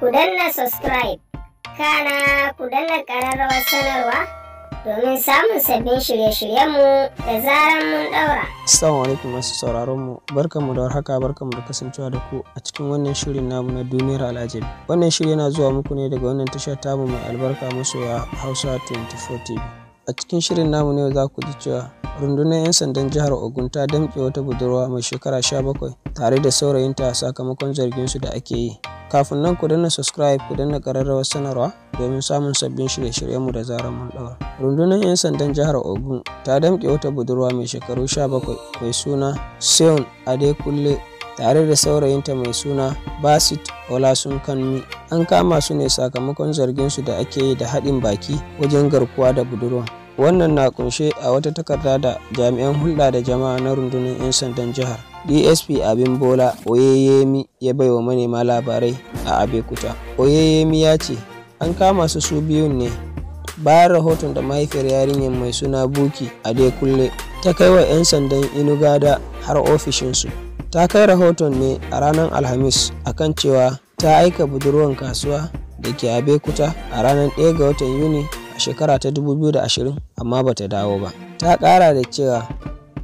ku danna subscribe kana ku danna ƙararrawar sanarwa domin samun sabbin shirye-shiryenmu da zarar mun daura. Assalamu alaikum masu sauraron mu barkanmu da warhaka barkanmu da kasancewa da ku a cikin wannan shirin namu na duniyar al'ajabi. Wannan shirin yana zuwa muku ne daga wannan tashar tamu mai albarka masoya Hausa 24 TV. A cikin shirin namu ne za ku ji cewa rundunar 'yan sandan jihar ogun ta damƙe wata budurwa mai shekara 17 tare da saurayinta sakamakon zarginsu da ake yi Kafin nan ku danna subscribe ku danna ƙararrawar sanarwa domin samun sabbin shirye mu da zarar mun ɗaura. Rundunar 'yan sandan jihar Ogun ta damƙe wata budurwa mai shekaru 17 mai suna Seun Adekunle tare da saurayinta mai suna Basit Olasunkanmi. An kama su ne sakamakon zarginsu da ake yi da haɗin baki wajen garkuwa da budurwa Wannan na kunshe a wata takarda da jami'an hulɗa da jama'a na rundunar 'yan sandan jihar dsp abin bola, oyeyemi ya bai wa manema labarai a abekuta oyeyemi ya ce an kama su su biyun ne bayan rahoton da mahaifiyar yarinyar mai suna buki a kulle ta kai wa 'yan sandan inugada har ofishinsu ta kai rahoton ne a ranar alhamis akan cewa ta aika budurwan kasuwa da ke abekuta a ranar 1 ga watan yuni a shekara ta 2020 amma bata dawo ba ta kara da cewa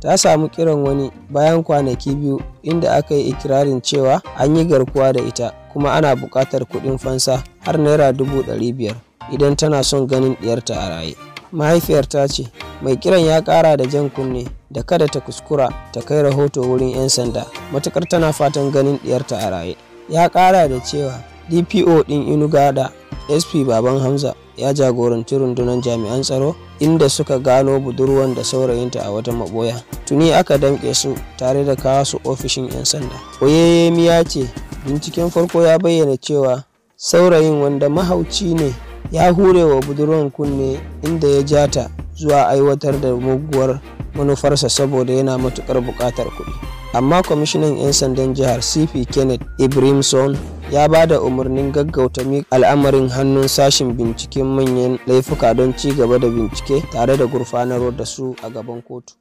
ta samu kiran wani bayan kwanaki biyu inda aka yi ikirarin cewa an yi garkuwa da ita kuma ana buƙatar kuɗin fansa har naira dubu ɗari biyar idan tana son ganin ɗiyarta a raye mahaifiyar ta ce mai kiran ya ƙara da jan kunne da kada ta kuskura ta kai rahoto wurin 'yan sanda matuƙar tana fatan ganin ɗiyarta a raye ya ƙara da cewa dpo ɗin inugada sp baban hamza ya jagoranci rundunar jami'an tsaro inda suka gano budurwan da saurayinta a wata maboya tuni aka damƙe su tare da kawo su ofishin 'yan sanda oyeyemi ya ce binciken farko ya bayyana cewa saurayin wanda mahauci ne ya hure wa budurwan kunne inda ya ja ta zuwa aiwatar da muguwar manufarsa saboda yana matukar buƙatar kuɗi amma kwamishinan 'yan sandan jihar cp kenneth ibrahimson ya ba da umarnin gaggauta miƙa al'amarin hannun sashin binciken manyan laifuka don ci gaba da bincike tare da gurfanarwar da su a gaban kotu.